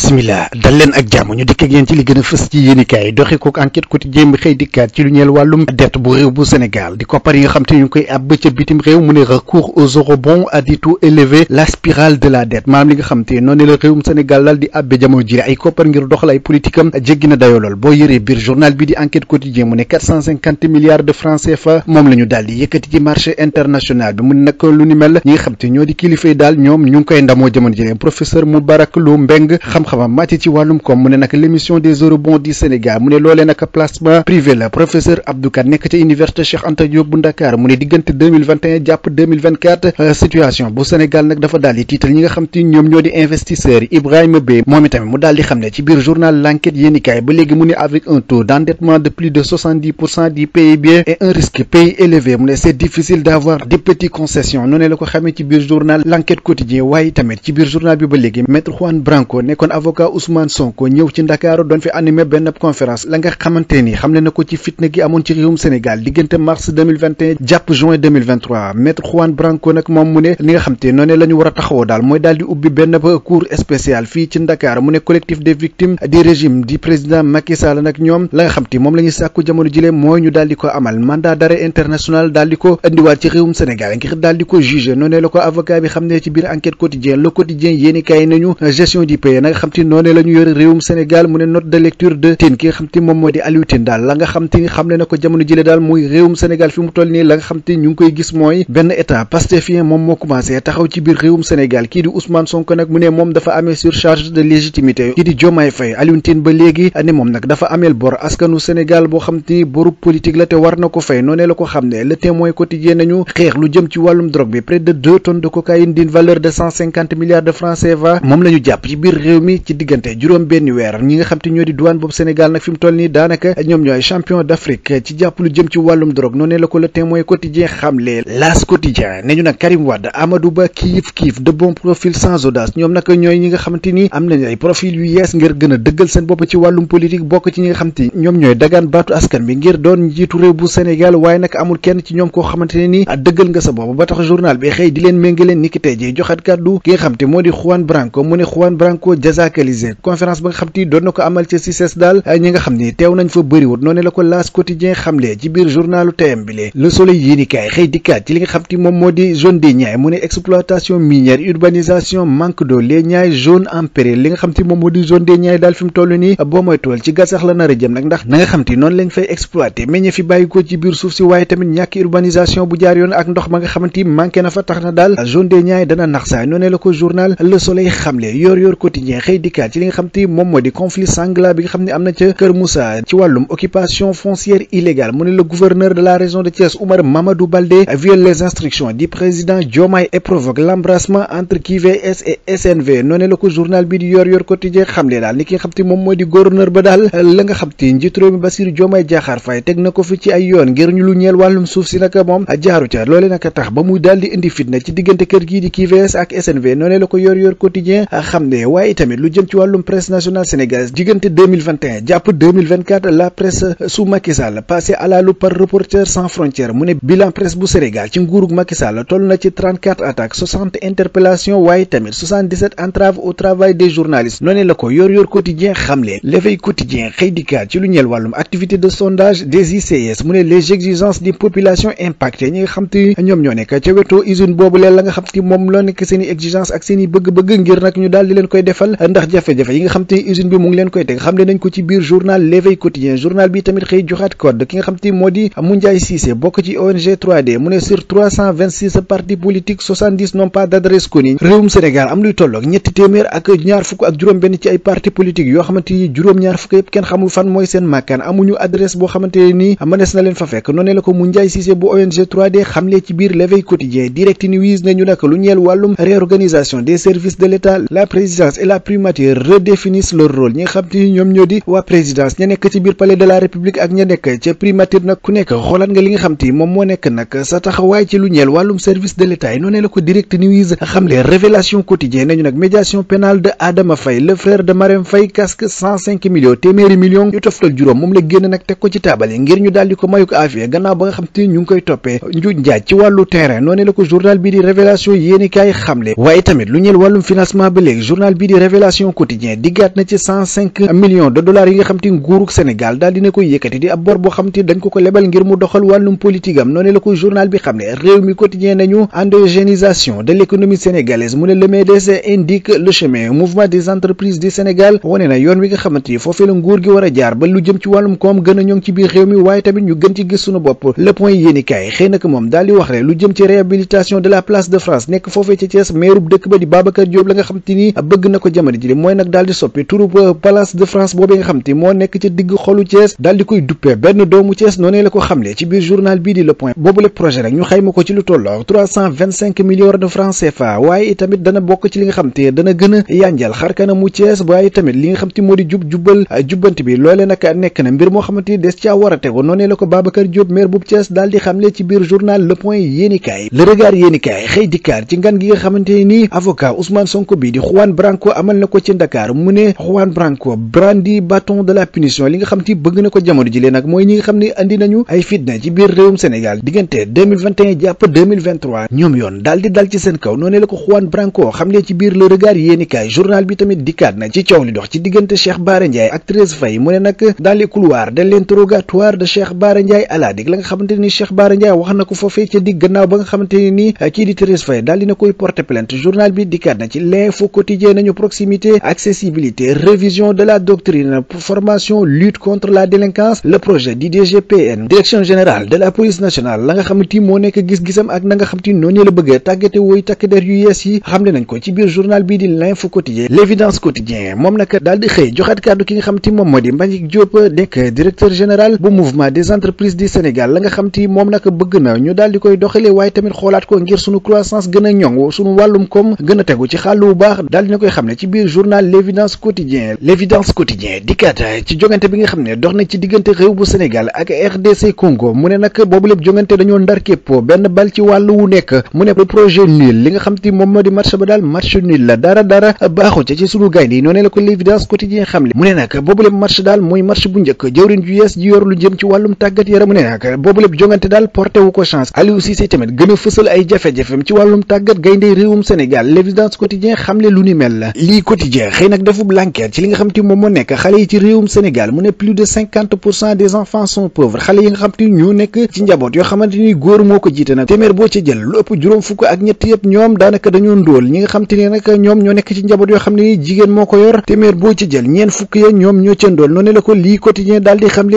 bisimila dal leen ak jàmm ñu dikk ak yéen ci li gën a fës ci yéenikaay yi doxi enquête quotidien bi xëy dikkaat ci lu ñeel wàllum dette bu réew bu Sénégal di koppar yi nga xam te ñu ngi koy àbb ca bitim réew mu ne recours aux eurobonds a dit élevé la spirale de la dette maanaam li nga xam te noonu la réewum Sénégal daal di àbbe jamono ji ay koppar ngir doxal ay politique jéggi na dayoo lool boo yëree biir journal bi di enquête quotidien mu ne 450 milliards de francs CFA xam ñoo kilifa yi daal ñu ngi koy ndamoo jamono ji professeur xam-xamam màcc ci wàllum koom mu ne nag l'émission des eurobonds du Sénégal mu ne loolee privé la professeur Abdou Kane nekk ca université Cheikh Anta Diop bu Ndakaar mu euh, situation bu Sénégal nag dafa daal di tiital ñi nga xam te ñoom ñoo di investisseurs yi Ibrahima Bey moom mu daal xam ne ci journal L'Enquête yéenikaay ba léegi mu ne avec un taux de plus de 70 pour et un risque pays élevé mu ne difficile d'avoir des avocat Ousmane Sonko ñëw ci Ndakaaru doon fi animé benn conférence la nga xamante ni xam ne na ko ci fitna gi amoon ci réewum Sénégal diggante mars jàpp juin 2023 la ñu war a taxawoo collectif des victimes du régime du président Macky Sall nag ñoom la nga xam te moom la ñuy sàkku jamono jile mooy ñu daal ko amal mandat d'arrêt international daal ko indiwaat ci réewum Sénégal ngir ko juger noonu la ko avocat bi xam ne ci biir enquête quotidien le quotidien yéeni nañu xam te noonee la ñu yore réewum Sénégal mu ne note de lecture de Tine ki nga xam te moom moo di Aliou Tine daal la nga xam te ni xam ne na ko jamono jële daal muy réewum Sénégal fi mu toll nii la nga xam te ñu ngi koy gis mooy benn état pastefien moom moo commencé taxaw ci biir réewum Sénégal kii di Ousmane Sonko nag mu ne moom dafa amee surcharge de légitimité kii di Diomaye Faye Aliou ba léegi ne moom nag dafa ameel bor askanu Sénégal boo xam te ni boru politique la war na ko fay noonee la ko xam ne le témoin quotidien nañu xeex lu jëm ci wàllum drogue bi près de deux tonnes valeur de cent cinquante milliards de francs CFA mi ci diggante juróom benn weer ñi nga xam ñoo di douane boobu Sénégal nag fi toll nii daanaka ñoom ñooy champion d'Afrique ci jàpp lu jëm ci wàllum drogue noonu la ko le témoin quotidien xamle L'As quotidien ne ñu nag Karim Wade Amadou Ba kiif ñoom ñooy ñi nga xamante ni am nañ ay profil yu yees ngir gën a dëggal seen bopp ci wàllum politique bokk ci ñi nga xam te ñoom ñooy dagaan baatu askan bi ngir doon njiitu réew bu Sénégal waaye nag amul kenn ci koo xamante ne ni dëggal nga sa bopp désacraliser conférence ba nga xam te doon na ko amal ca CICES daal ñi nga xam ni teew nañ fa bëriwut noonu la ko laas quotidien xamle ci biir journalu tayam bi le Le Soleil yéeni kaay xëy dikkaat ci li nga xam te moom moo di zone des Niayes daal fi mu toll nii boo mooy tool ci gasax la nar a nag ndax na nga xam te noonu lañ fay exploité meññe fi bàyyi ci biir suuf si waaye tamit ñàkk urbanisation bu jaar yoon ak ndox ma nga xamante manqué na fa tax xëy dikkaat ci li nga xam te am na ca Kër Moussa ci wàllum occupation foncière illégale mu ne le gouverneur de la région de Thiès Oumar Mamadou Baldé viole les instructions du président Diomaye et provoque l'embrassement entre QVS et SNV noonu la ko journal bi di yor yor quotidien xamle daal ni ki nga xam te moom moo di nga xam te njiitu réew mi Bassirou Diomaye Diakhar daal di indi fitna xam ne waaye tamit lu jëm ci wàllum presse nationale sénégalaise diggante 2021 la presse sous Macky passé à la loupe par Reporters sans frontières mu ne bilan presse bu Sénégal ci nguurug Macky Sall toll na ci 34 attaques 60 interpellations waaye tamit 77 entraves au travail des journalistes noonu ko yor yor xamle l'éveil quotidien xëy ci lu ñeel wàllum activité de sondage des ICS mu les exigences des populations impactées ñi nga xam te ñoom ñoo nekk ca wetu usine boobu leen la nga xam ndax jafe-jafe yi nga xam te usine bi mu ngi koy teg xam le nañ ko ci biir journal l'éveil quotidien journal bi tamit xëy joxaat code ki nga xam te moo di Moundiaye Cissé bokk ci ONG 3D mu ne sur 326 partis politiques 70 n'ont pas d'adresse connue réewum Sénégal am mooy seen màkkaan amuñu adresse boo xamante ni mënees na leen fa fekk noonee la ko Moundiaye Cissé bu ONG 3D xamlee ci biir l'éveil quotidien direct news nañu nag lu ñeel Mati xam te ñoom ñoo di waa présidence ña nekk ci biir palais de la république ak ña nekk ca primature nag ku nekk xoolaat nga li nga xam te moom moo nekk nag sa taxawaay ci lu ñeel wàllum service de l'état yi noonee ko direct news xamle révélation quotidien nañu nag médiation pénale de Adama Faye le frère de Marème Faye casque cent cinq millions téeméeri millions toftal juróom moom la génn nag teg ko ci taabal ngir ñu daal ko mayu ko gannaaw Libération Quotidien na ci cent cinq millions de dollars yi nga xam te nguurug Sénégal daal dina koy yëkkati di ab boo xam dañ ko lebal ngir mu doxal wàllum politique am la ko journal bi xam ne réew mi quotidien nañu endogénisation de l'économie sénégalaise mu ne le MEDES indique le chemin mouvement des entreprises du Sénégal wane na yoon wi nga xamante ni la nguur gi war a jaar ba lu jëm ci wàllum koom gën a ñoŋ ci biir réew mi waaye tamit ñu gën jamono ji mooy nag daal di soppi turu euh, Palace de France boobee nga xam te nekk ci digg xolu Thiès daal koy duppee benn doomu Thiès noonee la ko xamle ci biir journal Le Point boobule projet a yanjal xarkana mu Thiès waaye euh, la ko Babacar Diop maire bu ci biir gi nga xamante avocat Ousmane Sonko bi Juan Branco amal na ci Dakar mu Juan Branco brandi bâton de la punition li nga xam te bëgg na ko jamono ji mooy nga xam ne andi nañu ay fitna ci biir réewum Sénégal diggante 2021 jàpp 2023 ñoom yoon daal di dal ci seen kaw noonu la ko Juan Branco xam ne ci biir Le Regard yéenikaay journal bi tamit dikkaat na ci coow dox ci diggante Cheikh Bara Ndiaye ak Thérèse Faye mu ne nag dans les de l'interrogatoire de Cheikh Bara Ndiaye à la la nga xamante proximité accessibilité révision de la doctrine formation lutte contre la délinquance le projet du DGPN direction générale de la police nationale la nga xam ti moo nekk gis-gisam ak na nga xam noonu la bëgg a tàggate wooy takk der yu yees yi xamle nañ ko ci biir journal bii di l'info quotidien l'évidence quotidien moom nag daal di xëy joxaat kàddu ki nga xamante moom moo di Mbagnick Diop nekk directeur général bu mouvement des entreprises du Sénégal la nga xamante moom nag bëgg na ñu daal di koy doxalee waaye tamit xoolaat ko ngir sunu croissance gën a ñoŋ sunu wàllum koom gën a tegu biir journal l'évidence quotidien l'évidence quotidien dikkaat ci jongante bi nga xam ne dox na ci diggante réew bu Sénégal ak RDC Congo mu ne nag boobu lépp jongante dañoo ndar match ba daal match nul la dara dara baaxu ca ci sunu gaynde yi mu ne nag boobu lépp match daal mooy match bu njëkk jëwrin ju yees ji yor lu jëm ci wàllum tàggat yaram mu ne nag boobu lépp jongante daal porté wu ko chance Aliou Cissé tamit gën ay jafe-jafem ci wàllum tàggat gaynde réewum Sénégal quotidien xëy nag defub l'enquête ci li nga xam te moom moo nekk xale yi ci réewum Sénégal mu ne plus de cinquante pour cent des enfants sont pauvres xale yi nga xam te ñoo nekk ci njaboot yoo xamante ni góor moo ko jiite nag téeméer boo ci jël lu juróom fukk ak ñett yëpp ñoom daanaka dañoo ndóol ñi nga xam te ni nag ñoom ñoo nekk ci njaboot yoo xam ne ni jigéen moo ko yor téeméer boo ci jël ñeen fukk ya ñoom ñoo ca ndóol noonu la ko lii quotidien daal di xam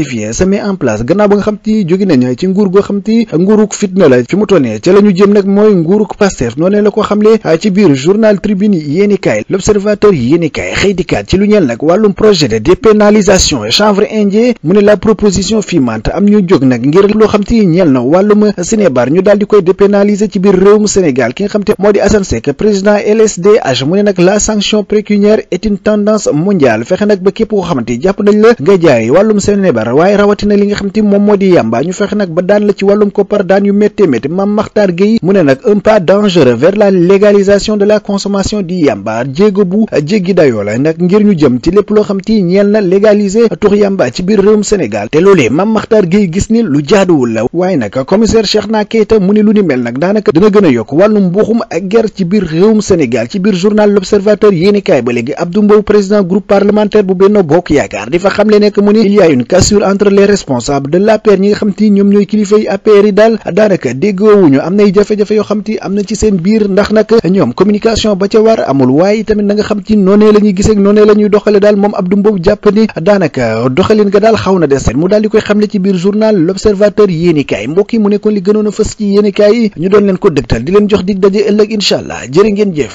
te moom en place gannaaw ba nga xam ti jóge nañ ci fi mu toll nii ca la mooy nguuruk Pastef noonu la ko xamle ah, ci biir journal tribune yéeni kaay l'observateur yéeni kaay xëy dikkaat ci lu ñeel nag wàllum projet de am ñu jóg nag loo xam ti ñeel na wàllum Sénébar ñu daal di koy dépénaliser ci biir réewum Sénégal ki nga xam te moo di Assane Seck président nag la sanction pécuniaire est une tendance mondiale fexe nag ba képp koo xamante jàpp nañ la nga jaay wàllum Sénébar waaye rawatina na li nga xam te moom moo di yàmba ñu fexe nag ba daan la ci wàllum koppar daan yu méttee métti Mame Makhtar Gueye mu ne nag un pas dangereux vers la légalisation de la consommation di yàmba jéego bu jéggi dayoo la nag ngir ñu jëm ci lépp loo xam te ñeel na légaliser tux yàmba ci biir réewum Sénégal te loolee Mame Makhtar Gueye gis ni lu jaaduwul la waaye nag commissaire Cheikhna Keita mu ne lu ni mel nag daanaka dina gën a yokk wàllum mbuuxum ak ger ci biir réewum Sénégal ci biir journal L'Observateur yéeni kaay ba léegi Abdou Mbow président groupe parlementaire bu Benno Bokk Yaakaar di fa xamle nekk mu ne il y a une cassure entre les responsable de l'APR ñi nga xam te ni ñoom ñooy kilifa yi APR yi daal daanaka déggoowuñu am nay jafe-jafe yoo xam te am na ci seen biir ndax nag ñoom communication ba ca war amul waaye tamit na nga xam te noonee la ñuy gisee noonee la ñuy doxale daal moom Abdou Mbow jàpp ni daanaka doxalin nga daal xaw na des mu daal di koy xamle ci biir journal l'observateur yéenikaay mbokk yi mu nekkoon li gënoon a fës ci yéenikaay yi ñu doon leen ko dëgtal di leen jox dig daje ëllëg incha allah ngeen jëf